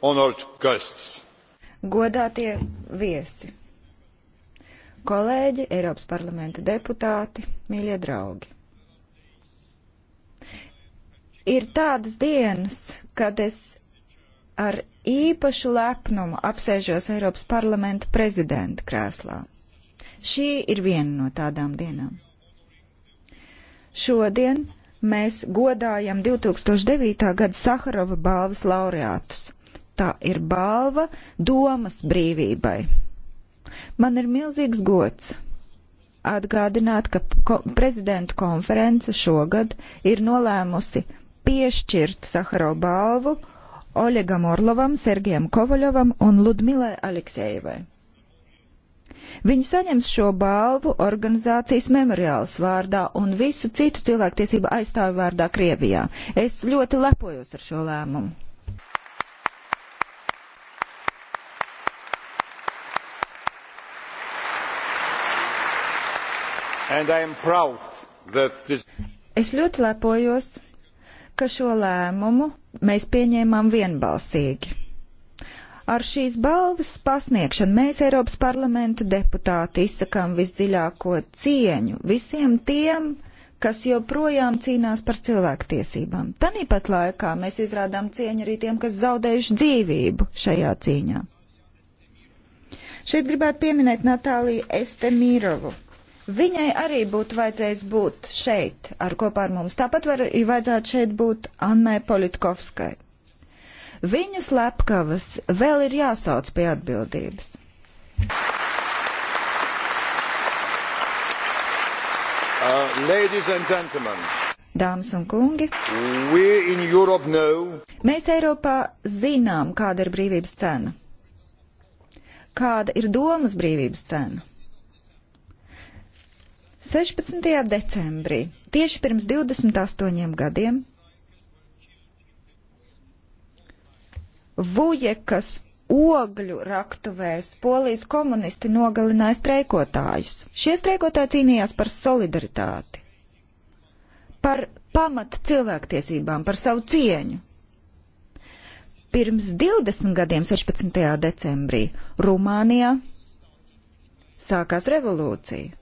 honored guests. Godātie viesi, kolēģi, Eiropas parlamenta deputāti, mīļie draugi. Ir tādas dienas, kad es ar īpašu lepnumu apsēžos Eiropas parlamenta prezidenta krēslā. Šī ir viena no tādām dienām. Šodien mēs godājam 2009. gada Saharova balvas laureātus Tā ir balva domas brīvībai. Man ir milzīgs gods atgādināt, ka ko prezidentu konference šogad ir nolēmusi piešķirt Saharo balvu Oļegam Orlovam, Sergijam Kovaļovam un Ludmilai Aleksejevai. Viņi saņems šo balvu organizācijas memoriāls vārdā un visu citu cilvēktiesību aizstāvu vārdā Krievijā. Es ļoti lepojos ar šo lēmumu. This... Es ļoti lepojos, ka šo lēmumu mēs pieņēmām vienbalsīgi. Ar šīs balvas pasniegšanu mēs Eiropas parlamenta deputāti izsakām visdziļāko cieņu visiem tiem, kas joprojām cīnās par cilvēktiesībām. Tanīpat laikā mēs izrādām cieņu arī tiem, kas zaudējuši dzīvību šajā cīņā. Šeit gribētu pieminēt Natāliju Estemīrovu Viņai arī būtu vajadzējis būt šeit ar kopā ar mums. Tāpat var, ir vajadzētu šeit būt Annai Politkovskai. Viņu slepkavas vēl ir jāsauc pie atbildības. Uh, Dāmas un kungi, mēs Eiropā zinām, kāda ir brīvības cena, kāda ir domas brīvības cena 16. decembrī, tieši pirms 28 gadiem, Vujekas ogļu raktuvēs polijas komunisti nogalināja streikotājus. Šie streikotāji cīnījās par solidaritāti, par pamata cilvēktiesībām, par savu cieņu. Pirms 20 gadiem, 16. decembrī, Rumānijā sākās revolūcija.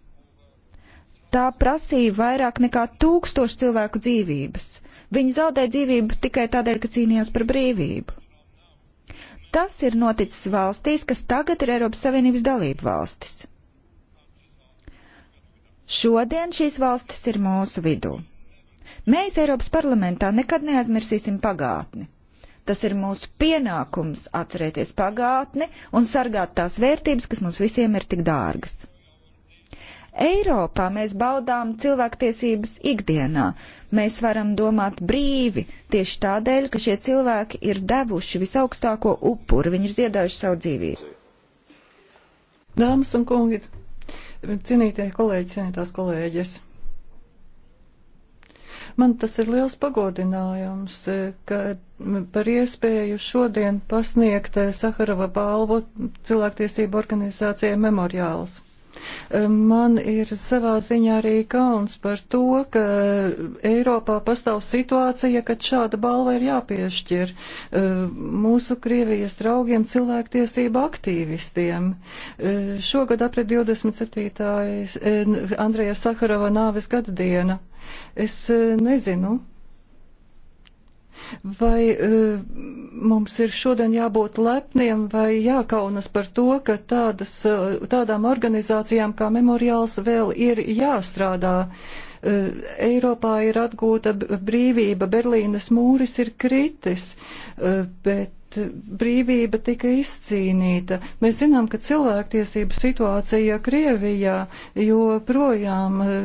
Tā prasīja vairāk nekā tūkstošu cilvēku dzīvības. Viņi zaudēja dzīvību tikai tādēļ, ka cīnījās par brīvību. Tas ir noticis valstīs, kas tagad ir Eiropas Savienības dalība valstis. Šodien šīs valstis ir mūsu vidū. Mēs Eiropas parlamentā nekad neaizmirsīsim pagātni. Tas ir mūsu pienākums atcerēties pagātni un sargāt tās vērtības, kas mums visiem ir tik dārgas. Eiropā mēs baudām cilvēktiesības ikdienā. Mēs varam domāt brīvi tieši tādēļ, ka šie cilvēki ir devuši visaugstāko upuru, viņi ir ziedājuši savu dzīvību. Dāmas un kungi, cienītie kolēģi, cienītās kolēģis. Man tas ir liels pagodinājums, ka par iespēju šodien pasniegt Saharova balvu cilvēktiesību organizācijai memoriāls. Man ir savā ziņā arī kauns par to, ka Eiropā pastāv situācija, kad šāda balva ir jāpiešķir mūsu Krievijas draugiem cilvēktiesību aktīvistiem. Šogad apred 27. Andreja Sakarova nāves gada diena. Es nezinu, Vai e, mums ir šodien jābūt lepniem vai jākaunas par to, ka tādas, e, tādām organizācijām kā memoriāls vēl ir jāstrādā? Eh, Eiropā ir atgūta brīvība, Berlīnas mūris ir kritis, eh, bet brīvība tika izcīnīta. Mēs zinām, ka cilvēktiesību situācija Krievijā joprojām eh,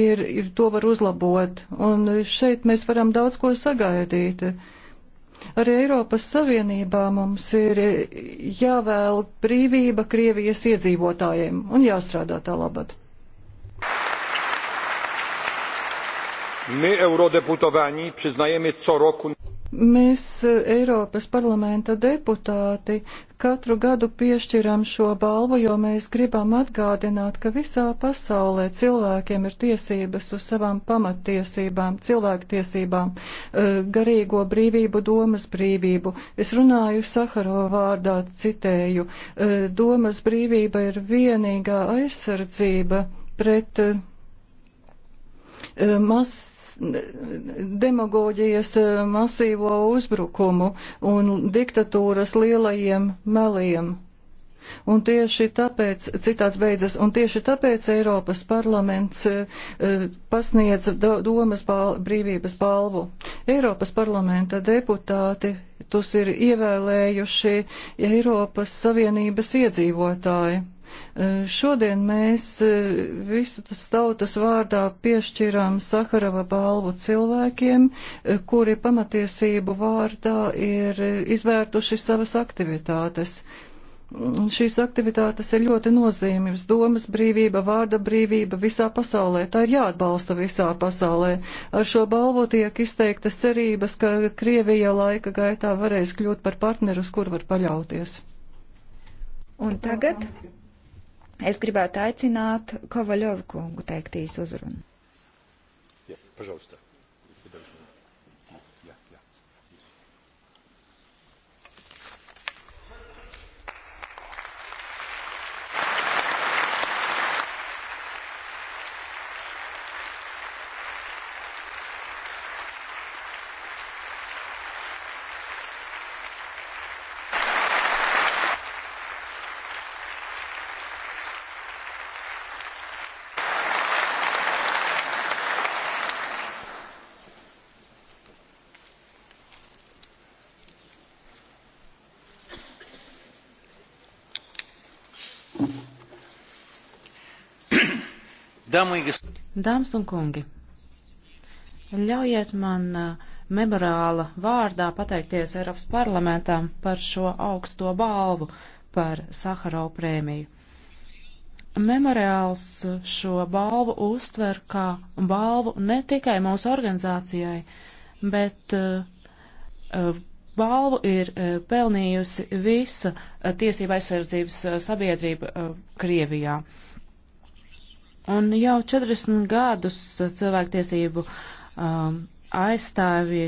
ir, ir, to var uzlabot, un šeit mēs varam daudz ko sagaidīt. Arī Eiropas Savienībā mums ir jāvēl brīvība Krievijas iedzīvotājiem un jāstrādā tā labāk. My, eurodeputowani, przyznajemy co roku. Mēs, e, Eiropas parlamenta deputāti, katru gadu piešķiram šo balvu, jo mēs gribam atgādināt, ka visā pasaulē cilvēkiem ir tiesības uz savām pamattiesībām, cilvēktiesībām, e, garīgo brīvību, domas brīvību. Es runāju Sakaro vārdā, citēju, e, domas brīvība ir vienīgā aizsardzība pret mas demagoģijas eh, masīvo uzbrukumu un diktatūras lielajiem meliem. Un tieši tāpēc, citāts beidzas, un tieši tāpēc Eiropas parlaments uh, pasniedz domas bal, brīvības balvu. Eiropas parlamenta deputāti tus ir ievēlējuši Eiropas Savienības iedzīvotāji. Eh, šodien mēs eh, visas tautas vārdā piešķirām Saharava balvu cilvēkiem, eh, kuri pamatiesību vārdā ir izvērtuši savas aktivitātes. Mm, šīs aktivitātes ir ļoti nozīmīgas. Domas brīvība, vārda brīvība visā pasaulē. Tā ir jāatbalsta visā pasaulē. Ar šo balvu tiek izteiktas cerības, ka Krievija laika gaitā varēs kļūt par partnerus, kur var paļauties. Un tagad? Tā, Es gribētu aicināt Kovaļovu kungu teikt īsu uzrunu. Ja, pažaustu. Dāmas un kungi, ļaujiet man eh, memorāla vārdā pateikties Eiropas parlamentam par šo augsto balvu par Saharau prēmiju. Memoriāls šo balvu uztver kā balvu ne tikai mūsu organizācijai, bet uh, balvu ir pelnījusi visa tiesība aizsardzības sabiedrība Krievijā. Un jau 40 gadus cilvēktiesību um, aizstāvi,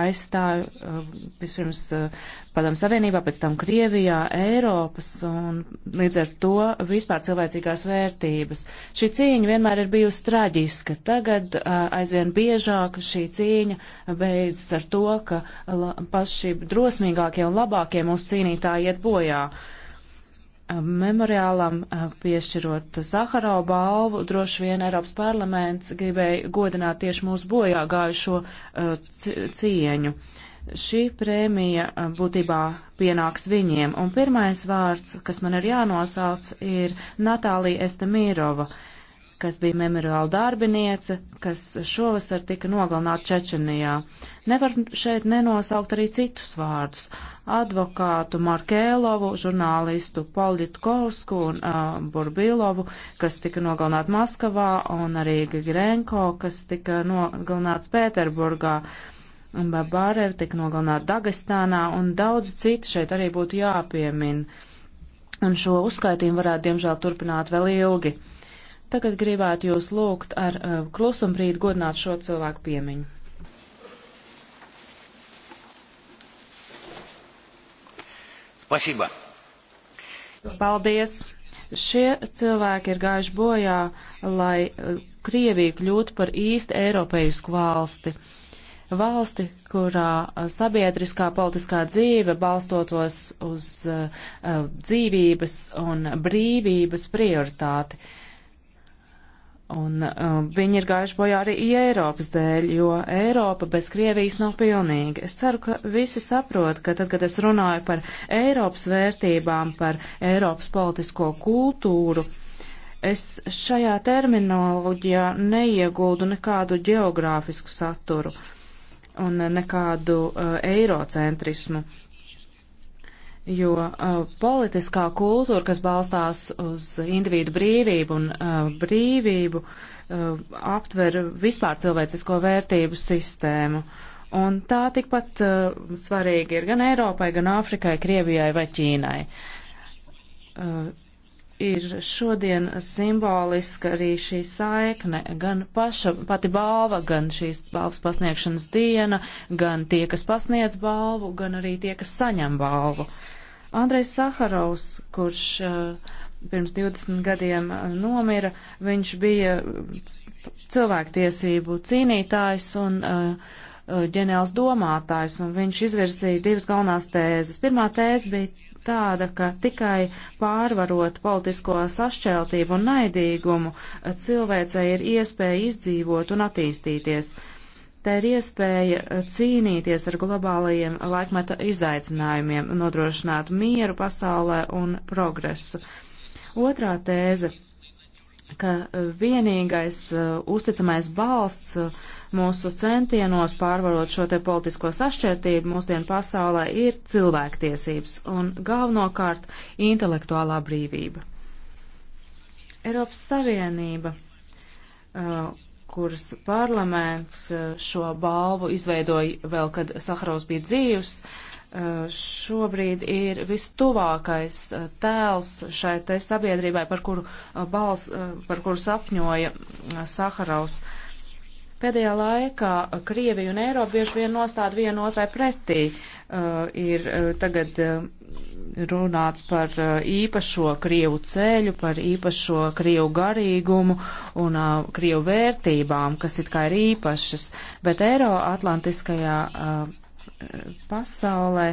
aizstāvi um, vispirms uh, Padomu Savienībā, pēc tam Krievijā, Eiropas un līdz ar to vispār cilvēcīgās vērtības. Šī cīņa vienmēr ir bijusi traģiska. Tagad uh, aizvien biežāk šī cīņa beidzas ar to, ka la, paši drosmīgākie un labākie mūsu cīnītāji iet bojā. Uh, memoriālam eh, piešķirot Zaharau balvu, droši vien Eiropas parlaments gribēja godināt tieši mūsu bojā gājušo eh, cieņu. Šī prēmija eh, būtībā pienāks viņiem, un pirmais vārds, kas man ir jānosauc, ir Natālija Estemīrova. Uh, kas bija memoriāla darbiniece, kas šovasar tika nogalināta Čečenijā. Nevar šeit nenosaukt arī citus vārdus - advokātu Markēlovu, žurnālistu Politkovsku un uh, Burbilovu, kas tika nogalināti Maskavā, un arī Grenko, kas tika nogalināts Pēterburgā. Un Babārev tika nogalināta Dagestānā, un daudzi citi šeit arī būtu jāpiemina. Un šo uzskaitījumu varētu, diemžēl, turpināt vēl ilgi. Uh, Tagad gribētu jūs lūgt ar uh, klusumbrīdi godināt šo cilvēku piemiņu. Spasībā. Paldies! Šie cilvēki ir gājuši bojā, lai uh, Krievija kļūtu par īstu eiropeisku valsti. Valsti, kurā uh, sabiedriskā politiskā dzīve balstotos uz uh, uh dzīvības un brīvības prioritāti. Uh, Un um, viņi ir gājuši bojā arī Eiropas dēļ, jo Eiropa bez Krievijas nav pilnīga. Es ceru, ka visi saprot, ka tad, kad es runāju par Eiropas vērtībām, par Eiropas politisko kultūru, es šajā terminoloģijā neiegūdu nekādu geogrāfisku saturu un nekādu uh, eirocentrismu. Uh, jo uh, politiskā kultūra, kas balstās uz individu brīvību un uh, brīvību, uh, aptver vispār cilvēcisko vērtību sistēmu. Un tā tikpat uh, svarīgi ir gan Eiropai, gan Āfrikai, Krievijai vai Ķīnai. Uh, ir šodien simboliska arī šī saikne, gan paša, pati balva, gan šīs balvas pasniegšanas diena, gan tie, kas pasniedz balvu, gan arī tie, kas saņem balvu. Andrejs Saharovs, kurš uh, pirms 20 gadiem eh, nomira, viņš bija cilvēktiesību cīnītājs un uh, eh, ģeniāls domātājs, un viņš izvirzīja divas galvenās tēzes. Pirmā tēze bija tāda, ka tikai pārvarot politisko sašķeltību un naidīgumu cilvēcei ir iespēja izdzīvot un attīstīties. Tā ir iespēja cīnīties ar globālajiem laikmeta izaicinājumiem, nodrošināt mieru pasaulē un progresu. Otrā tēze, ka vienīgais uh, uzticamais balsts uh, mūsu centienos pārvarot šo te politisko sašķērtību mūsdienu pasaulē ir cilvēktiesības un galvenokārt intelektuālā brīvība. Eiropas Savienība, uh, kuras parlaments uh, šo balvu izveidoja vēl, kad Saharovs bija dzīvs, uh, šobrīd ir vistuvākais tēls šai te sabiedrībai, par kuru, bals, par kuru sapņoja Saharovs. Pēdējā laikā Krievija un Eiropa bieži vien nostāda vienu otrai pretī. Uh, ir uh, tagad uh, runāts par uh, īpašo Krievu ceļu, par īpašo Krievu garīgumu un uh, Krievu vērtībām, kas it kā ir īpašas, bet Eiroatlantiskajā uh, pasaulē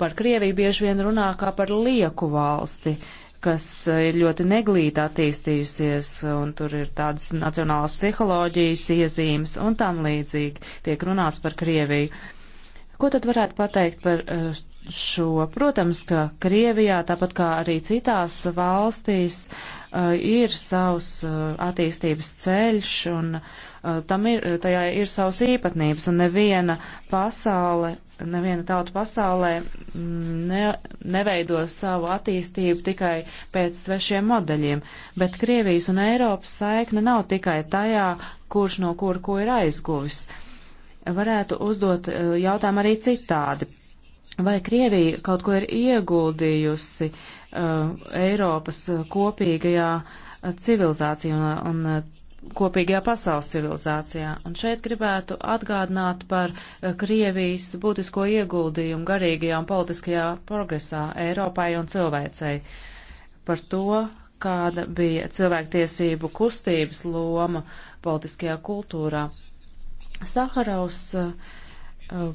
par Krieviju bieži vien runā kā par lieku valsti. Uh, kas eh, ir ļoti neglīti attīstījusies, un tur ir tādas nacionālās psiholoģijas iezīmes un tam līdzīgi tiek runāts par Krieviju. Ko tad varētu pateikt par eh, šo? Protams, ka Krievijā, tāpat kā arī citās valstīs, eh, ir savs attīstības ceļš, un tam ir, tajā ir savs īpatnības, un neviena pasaule neviena tauta pasaulē ne, neveido savu attīstību tikai pēc svešiem modeļiem, bet Krievijas un Eiropas saikne nav tikai tajā, kurš no kura ko ir aizguvis. Varētu uzdot eh, jautājumu arī citādi. Vai Krievija kaut ko ir ieguldījusi uh, Eiropas eh, kopīgajā civilizācijā un, un kopīgajā pasaules civilizācijā. Un šeit gribētu atgādināt par eh, Krievijas būtisko ieguldījumu garīgajā un politiskajā progresā Eiropai un cilvēcei, par to, kāda bija cilvēktiesību kustības loma politiskajā kultūrā. Saharaus uh, eh,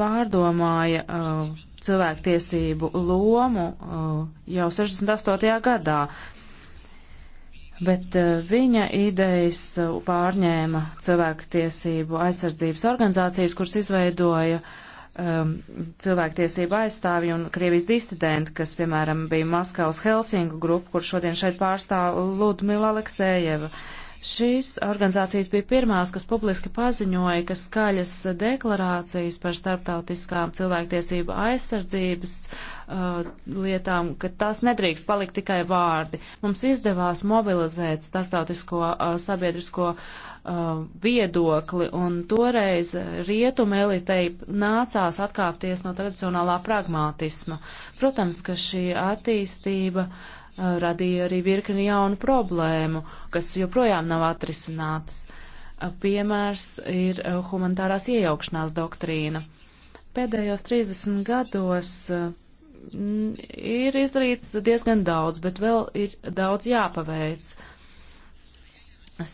pārdomāja uh, cilvēktiesību lomu uh, jau 68. gadā bet eh, viņa idejas eh, pārņēma cilvēktiesību aizsardzības organizācijas, kuras izveidoja um, cilvēktiesību aizstāvi un Krievijas disidenti, kas, piemēram, bija Maskavas Helsingu grupa, kur šodien šeit pārstāv Ludmila Aleksējeva. Uh, Šīs organizācijas bija pirmās, kas publiski paziņoja, ka skaļas deklarācijas par starptautiskām cilvēktiesību aizsardzības uh, lietām, ka tās nedrīkst palikt tikai vārdi. Mums izdevās mobilizēt starptautisko uh, sabiedrisko uh, viedokli, un toreiz rietuma elitei nācās atkāpties no tradicionālā pragmātisma. Protams, ka šī attīstība uh, Eh, radīja arī virkni jaunu problēmu, kas joprojām nav atrisinātas. Eh, piemērs ir eh, humanitārās iejaukšanās doktrīna. Pēdējos 30 gados ir izdarīts diezgan daudz, bet vēl ir daudz jāpaveic.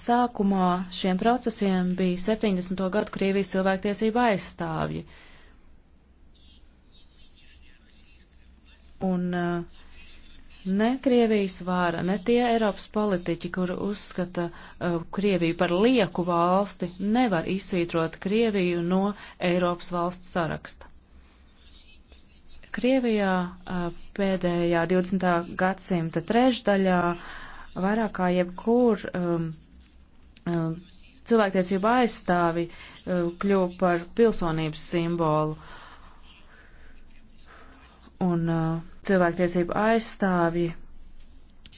Sākumā šiem procesiem bija 70. gadu Krievijas cilvēktiesība aizstāvji. Un uh, Ne Krievijas vāra, ne tie Eiropas politiķi, kur uzskata uh, Krieviju par lieku valsti, nevar izsvītrot Krieviju no Eiropas valsts saraksta. Krievijā uh, pēdējā 20. gadsimta trešdaļā vairāk kā jebkur um, um, cilvēktiesība aizstāvi uh, kļuva par pilsonības simbolu. Uh, un uh, cilvēktiesību aizstāvji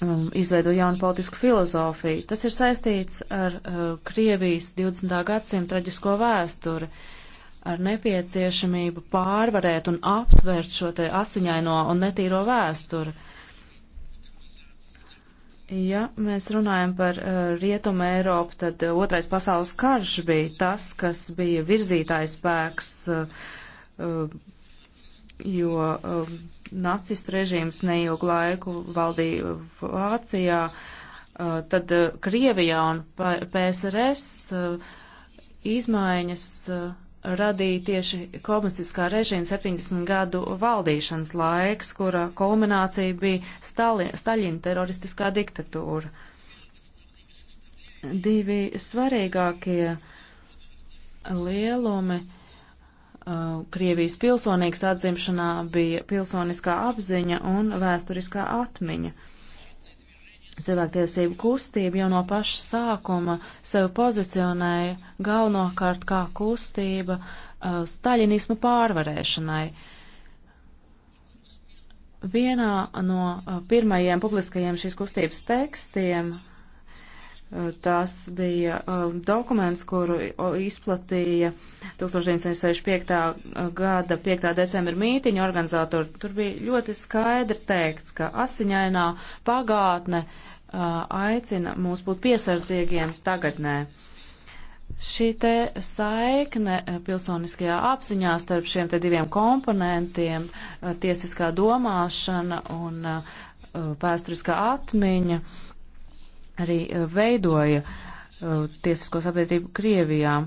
um, izveido jaunu politisku filozofiju. Tas ir saistīts ar uh, Krievijas 20. gadsimta traģisko vēsturi, ar nepieciešamību pārvarēt un aptvert šo te asiņaino un netīro vēsturi. Ja mēs runājam par uh, Rietumu Eiropu, tad uh, otrais pasaules karš bija tas, kas bija virzītājs spēks uh, uh, jo um, nacistu režīms neilgu laiku valdīja Vācijā, uh, tad uh, Krievijā un PSRS uh, izmaiņas uh, radīja tieši komunistiskā režīma 70 gadu valdīšanas laiks, kura kulminācija bija Stali Staļina teroristiskā diktatūra. Divi svarīgākie lielumi uh, Uh, Krievijas pilsonīgas atzimšanā bija pilsoniskā apziņa un vēsturiskā atmiņa. Cilvēktiesību kustība jau no paša sākuma sevi pozicionēja galvenokārt kā kustība uh, staļinismu pārvarēšanai. Vienā no uh, pirmajiem publiskajiem šīs kustības tekstiem uh, Tas bija um, dokuments, kuru izplatīja 1965. Uh, gada 5. decembra mītiņa organizatori. Tur bija ļoti skaidri teikts, ka asiņainā pagātne uh, aicina mūs būt piesardzīgiem tagadnē. Šī te saikne uh, pilsoniskajā apziņā starp šiem te diviem komponentiem - tiesiskā domāšana un vēsturiskā atmiņa arī eh, veidoja uh, tiesisko sabiedrību Krievijā.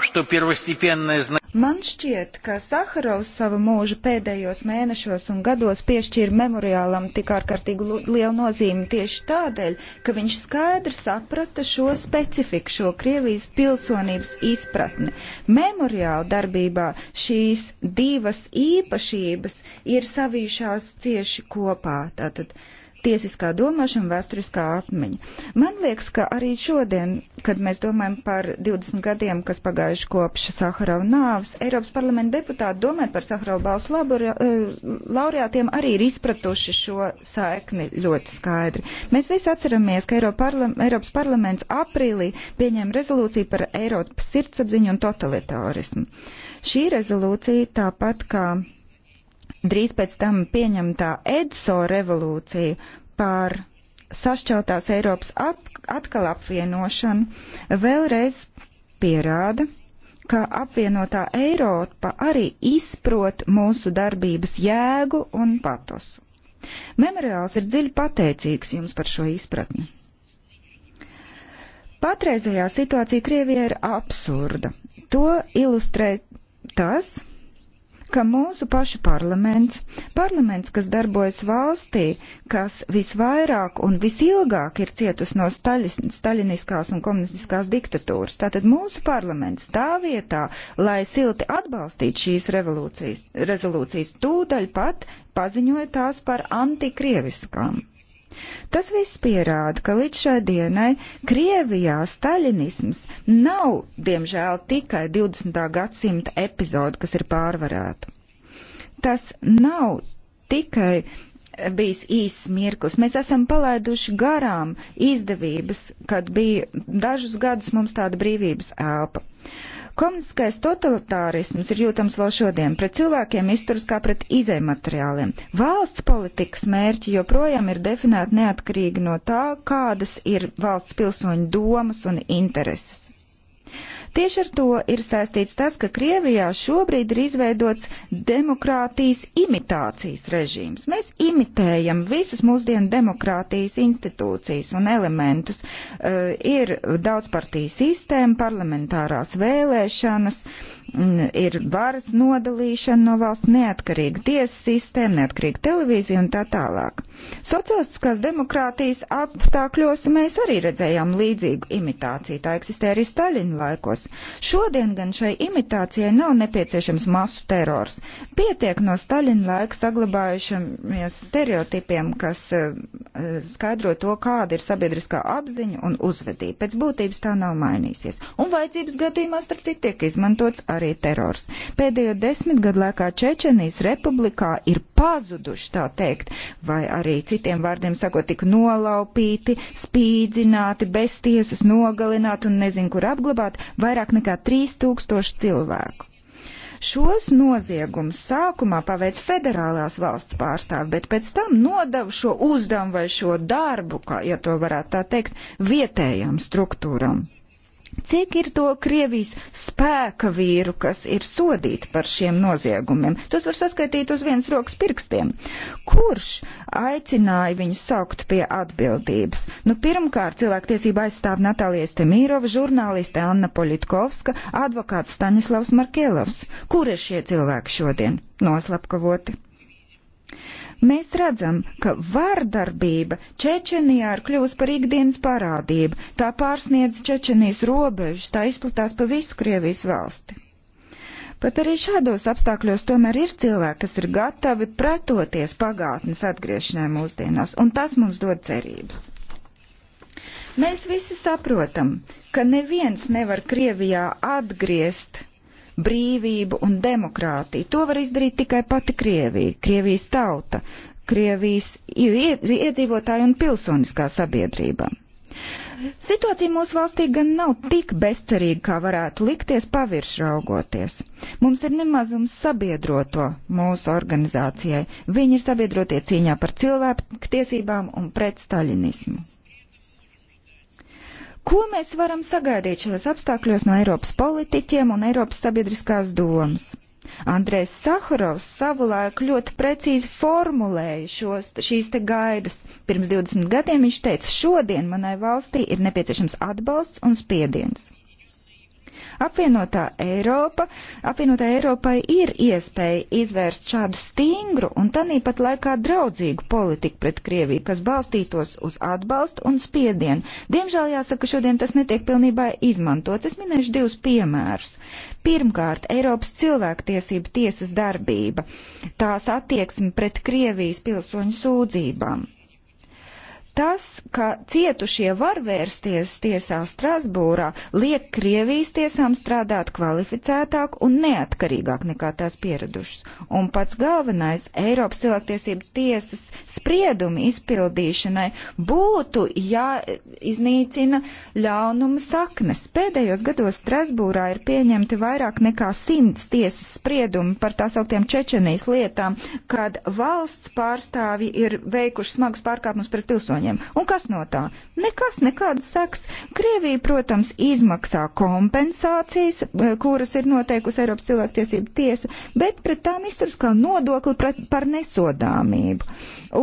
Что первостепенное значение. Man šķiet, ka Saharovs savu mūžu pēdējos mēnešos un gados piešķīra memoriālam tik ārkārtīgi lielu nozīmi tieši tādēļ, ka viņš skaidri saprata šo specifiku, šo Krievijas pilsonības izpratni. Memoriāla darbībā šīs divas īpašības ir savījušās cieši kopā. Tātad, uh, tiesiskā domāšana, vēsturiskā apmiņa. Man liekas, ka arī šodien, kad mēs domājam par 20 gadiem, kas pagājuši kopš Saharau nāves, Eiropas parlamenta deputāti domājot par Saharau balsu eh, laureātiem arī ir izpratuši šo saikni ļoti skaidri. Mēs visi atceramies, ka Eiropas parlaments aprīlī pieņēma rezolūciju par Eiropas sirdsapziņu un totalitārismu. Šī rezolūcija tāpat kā drīz pēc tam pieņemtā EDSO revolūcija par sašķeltās Eiropas atkal apvienošanu vēlreiz pierāda, ka apvienotā Eiropa arī izprot mūsu darbības jēgu un patosu. Memoriāls ir dziļi pateicīgs jums par šo izpratni. Patreizējā situācija Krievijā ir absurda. To ilustrē tas, ka mūsu pašu parlaments, parlaments, kas darbojas valstī, kas visvairāk un visilgāk ir cietus no staļis, staļiniskās un komunistiskās diktatūras, tātad mūsu parlaments tā vietā, lai silti atbalstītu šīs rezolūcijas, tūdaļ pat paziņoja tās par antikrieviskām. Tas viss pierāda, ka līdz šai dienai Krievijā staļinisms nav, diemžēl, tikai 20. gadsimta epizode, kas ir pārvarēta. Tas nav tikai bijis īsts mirklis. Mēs esam palaiduši garām izdevības, kad bija dažus gadus mums tāda brīvības elpa. Uh, Komunistiskais totalitārisms ir jūtams vēl šodien. Pret cilvēkiem izturas kā pret izējumateriāliem. Valsts politikas mērķi joprojām ir definēti neatkarīgi no tā, kādas ir valsts pilsoņu domas un intereses. Tieši ar to ir saistīts tas, ka Krievijā šobrīd ir izveidots demokrātijas imitācijas režīms. Mēs imitējam visus mūsdienu demokrātijas institūcijas un elementus. Uh, ir daudzpartijas sistēma, parlamentārās vēlēšanas. Uh, Mm, ir varas nodalīšana no valsts neatkarīga tiesa sistēma, neatkarīga televīzija un tā tālāk. Sociālistiskās demokrātijas apstākļos mēs arī redzējām līdzīgu imitāciju, tā eksistē arī Staļina laikos. Šodien gan šai imitācijai nav nepieciešams masu terors. Pietiek no Staļina laika saglabājušamies stereotipiem, kas uh, skaidro to, kāda ir sabiedriskā apziņa un uzvedība. Pēc būtības tā nav mainīsies. Un vajadzības gadījumā, starp citu, tiek izmantots arī terors. Pēdējo desmit gadu laikā Čečenijas republikā ir pazuduši, tā teikt, vai arī citiem vārdiem sakot, tik nolaupīti, spīdzināti, bez tiesas nogalināti un nezinu, kur apglabāti vairāk nekā 3000 cilvēku. Šos noziegumus sākumā paveic federālās valsts pārstāvi, bet pēc tam nodeva šo uzdevumu vai šo darbu, kā, ja to varētu tā teikt, vietējām struktūram. Cik ir to Krievijas spēka vīru, kas ir sodīti par šiem noziegumiem? Tos var saskaitīt uz vienas rokas pirkstiem. Kurš aicināja viņus saukt pie atbildības? Nu, pirmkārt, cilvēktiesība aizstāv Natālija Stemīrova, žurnāliste Anna Politkovska, advokāts Staņislavs Markēlovs. Kur ir šie cilvēki šodien? Noslapkavoti. Mēs redzam, ka vardarbība Čečenijā ir kļuvusi par ikdienas parādību. Tā pārsniedz Čečenijas robežas, tā izplatās pa visu Krievijas valsti. Pat arī šādos apstākļos tomēr ir cilvēki, kas ir gatavi pretoties pagātnes atgriešanai mūsdienās, un tas mums dod cerības. Mēs visi saprotam, ka neviens nevar Krievijā atgriezt brīvību un demokrātiju. To var izdarīt tikai pati Krievija, Krievijas tauta, Krievijas iedzīvotāji un pilsoniskā sabiedrība. Situācija mūsu valstī gan nav tik bezcerīga, kā varētu likties pavirši raugoties. Mums ir nemazums sabiedroto mūsu organizācijai. Viņi ir sabiedrotie cīņā par cilvēku tiesībām un pret staļinismu. Ko mēs varam sagaidīt šajos apstākļos no Eiropas politiķiem un Eiropas sabiedriskās domas? Andrēs Saharovs savulaik ļoti precīzi formulēja šos, šīs te gaidas. Pirms 20 gadiem viņš teica, šodien manai valstī ir nepieciešams atbalsts un spiediens. Apvienotā Eiropa, apvienotā Eiropai ir iespēja izvērst šādu stingru un tanīpat laikā draudzīgu politiku pret Krieviju, kas balstītos uz atbalstu un spiedienu. Diemžēl jāsaka, šodien tas netiek pilnībā izmantots. Es minēšu divus piemērus. Pirmkārt, Eiropas cilvēktiesība tiesas darbība, tās attieksme pret Krievijas pilsoņu sūdzībām. Tas, ka cietušie var vērsties tiesā Strasbūrā, liek Krievijas tiesām strādāt kvalificētāk un neatkarīgāk nekā tās pieradušas. Un pats galvenais - Eiropas cilvēktiesību tiesas spriedumi izpildīšanai būtu jāiznīcina ļaunuma saknes. Pēdējos gados Strasbūrā ir pieņemti vairāk nekā simts tiesas spriedumi par tā sauktiem Čečenijas lietām, kad valsts pārstāvji ir veikuši smagus pārkāpumus pret pilsoņiem pilsoņiem. Un kas no tā? Nekas, nekādas saks. Krievija, protams, izmaksā kompensācijas, eh, kuras ir noteikusi Eiropas cilvēktiesība tiesa, bet pret tām izturs kā nodokli par nesodāmību.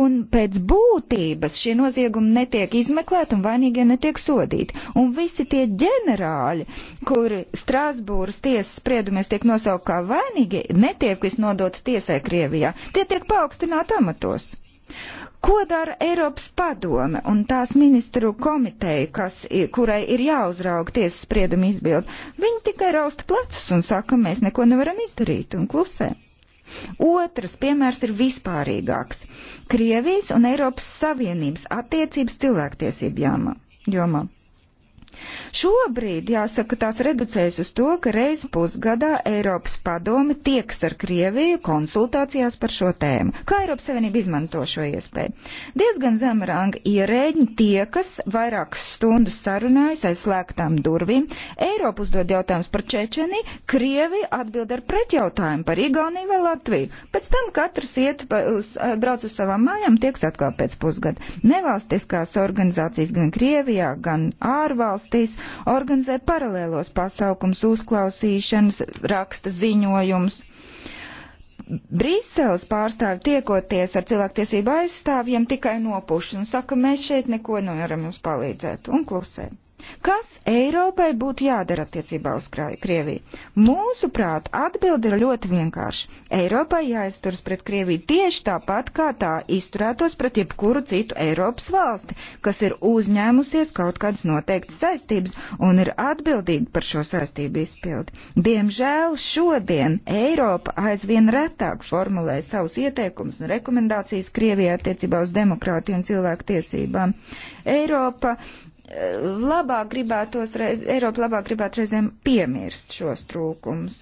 Un pēc būtības šie noziegumi netiek izmeklēti un vainīgie netiek sodīti. Un visi tie ģenerāļi, kuri Strasbūras tiesas spriedumies tiek nosaukt kā vainīgi, netiek visnodots tiesai Krievijā. Tie tiek paaugstināti amatos. Ko dara Eiropas padome un tās ministru komiteja, kas, kurai ir jāuzrauga tiesas sprieduma izbildi? Viņi tikai rausta plecus un saka, mēs neko nevaram izdarīt un klusē. Otrs piemērs ir vispārīgāks - Krievijas un Eiropas Savienības attiecības cilvēktiesību jomā. Šobrīd, jāsaka, tās reducējas uz to, ka reiz pusgadā Eiropas padome tieks ar Krieviju konsultācijās par šo tēmu. Kā Eiropas Savienība izmanto šo iespēju? Diezgan zemranga ierēģi tie, kas vairākas stundas sarunājas aizslēgtām durvīm. Eiropa uzdod jautājums par Čečeni, Krievi atbild ar pretjautājumu par Igauniju vai Latviju. Pēc tam katrs iet, uz, brauc uz savām mājām, tieks atkal pēc pusgada. Nevalstiskās organizācijas gan Krievijā, gan ārvalstīs valstīs, organizē paralēlos pasaukums, uzklausīšanas, raksta ziņojums. Brīseles pārstāvi tiekoties ar cilvēktiesību aizstāvjiem tikai nopuši un saka, mēs šeit neko nevaram jums palīdzēt un klusē. Kas Eiropai būtu jādara attiecībā uz Krieviju? Mūsuprāt, atbildi ir ļoti vienkārši. Eiropai jāizturas pret Krieviju tieši tāpat, kā tā izturētos pret jebkuru citu Eiropas valsti, kas ir uzņēmusies kaut kādas noteiktas saistības un ir atbildīga par šo saistību izpildi. Diemžēl šodien Eiropa aizvien retāk formulē savus ieteikumus un rekomendācijas Krievijai attiecībā uz demokrātiju un cilvēku tiesībām. Eiropa labāk gribētos, reiz, Eiropa labāk gribētu reizēm piemirst šos trūkumus.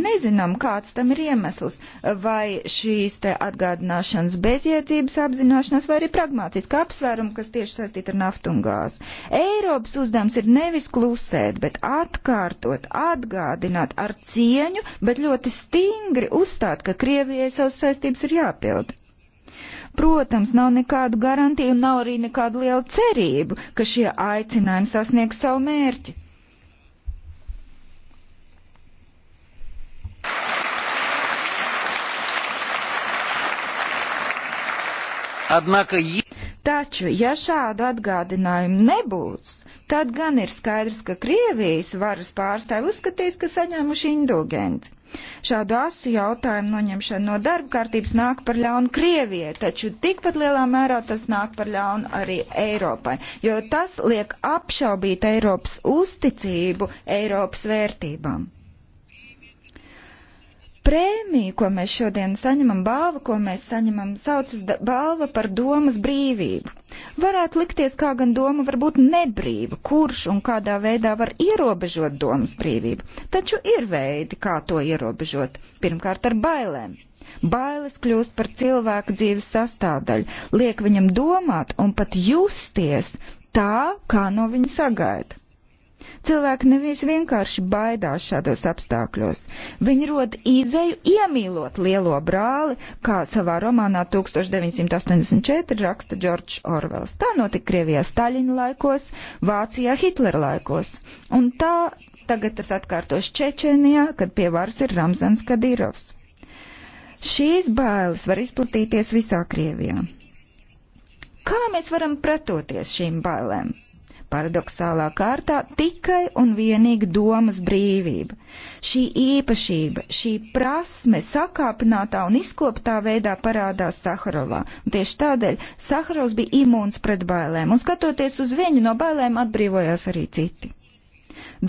Nezinām, kāds tam ir iemesls, vai šīs te atgādināšanas bezjēdzības apzināšanās, vai arī pragmātiska apsvēruma, kas tieši saistīta ar naftu un gāzu. Eiropas uzdevums ir nevis klusēt, bet atkārtot, atgādināt ar cieņu, bet ļoti stingri uzstāt, ka Krievijai savas saistības ir jāpilda. Protams, nav nekādu garantiju un nav arī nekādu lielu cerību, ka šie aicinājumi sasniegs savu mērķi. Однако Taču, ja šādu atgādinājumu nebūs, tad gan ir skaidrs, ka Krievijas varas pārstāvi uzskatīs, ka saņēmuši indulgenci. Šādu asu jautājumu noņemšana no darba kārtības nāk par ļaunu Krievijai, taču tikpat lielā mērā tas nāk par ļaunu arī Eiropai, jo tas liek apšaubīt Eiropas uzticību Eiropas vērtībām. Prēmija, ko mēs šodien saņemam, balva, ko mēs saņemam, saucas balva par domas brīvību. Varētu likties, kā gan doma var būt nebrīva, kurš un kādā veidā var ierobežot domas brīvību. Taču ir veidi, kā to ierobežot. Pirmkārt, ar bailēm. Bailes kļūst par cilvēka dzīves sastāvdaļu, liek viņam domāt un pat justies tā, kā no viņa sagaida. Cilvēki nevis vienkārši baidās šādos apstākļos. Viņi rod izeju iemīlot lielo brāli, kā savā romānā 1984 raksta Džordžs Orvels. Tā notika Krievijā Staļina laikos, Vācijā Hitlera laikos. Un tā tagad tas atkārtos Čečenijā, kad pie varas ir Ramzans Kadirovs. Šīs bailes var izplatīties visā Krievijā. Kā mēs varam pretoties šīm bailēm? paradoxālā kārtā tikai un vienīgi domas brīvība. Šī īpašība, šī prasme sakāpinātā un izkoptā veidā parādās Saharovā. Un tieši tādēļ Saharovs bija imūns pret bailēm, un skatoties uz viņu no bailēm atbrīvojās arī citi.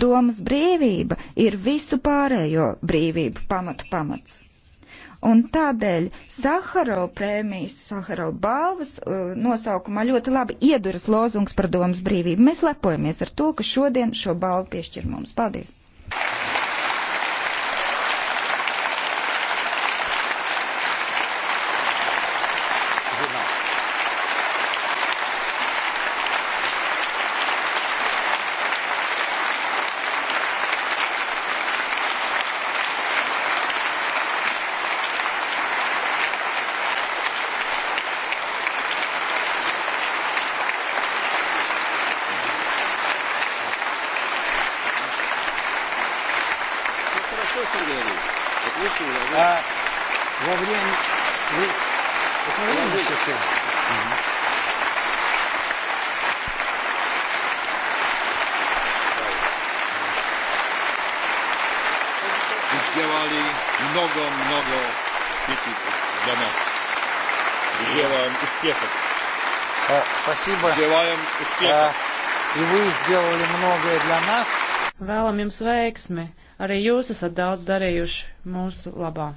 Domas brīvība ir visu pārējo brīvību pamatu pamats. Un tādēļ Saharo prēmijas, Saharo balvas uh, nosaukumā ļoti labi ieduras lozungs par domas brīvību. Mēs lepojamies ar to, ka šodien šo balvu piešķir mums. Paldies! спасибо. Желаем успеха. Э, и вы сделали многое для нас. Vēlam jums veiksmi. Arī jūs esat daudz darījuši mūsu labā.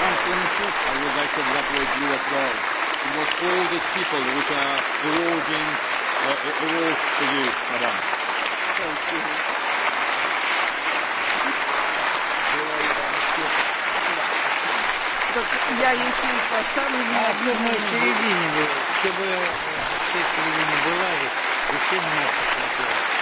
I would like to congratulate you as well. It was all these people which are awarding uh, awards to you, madam. Thank you. Так я, если их поставлю... А одна середине, чтобы все середине была, и все меня посмотрели.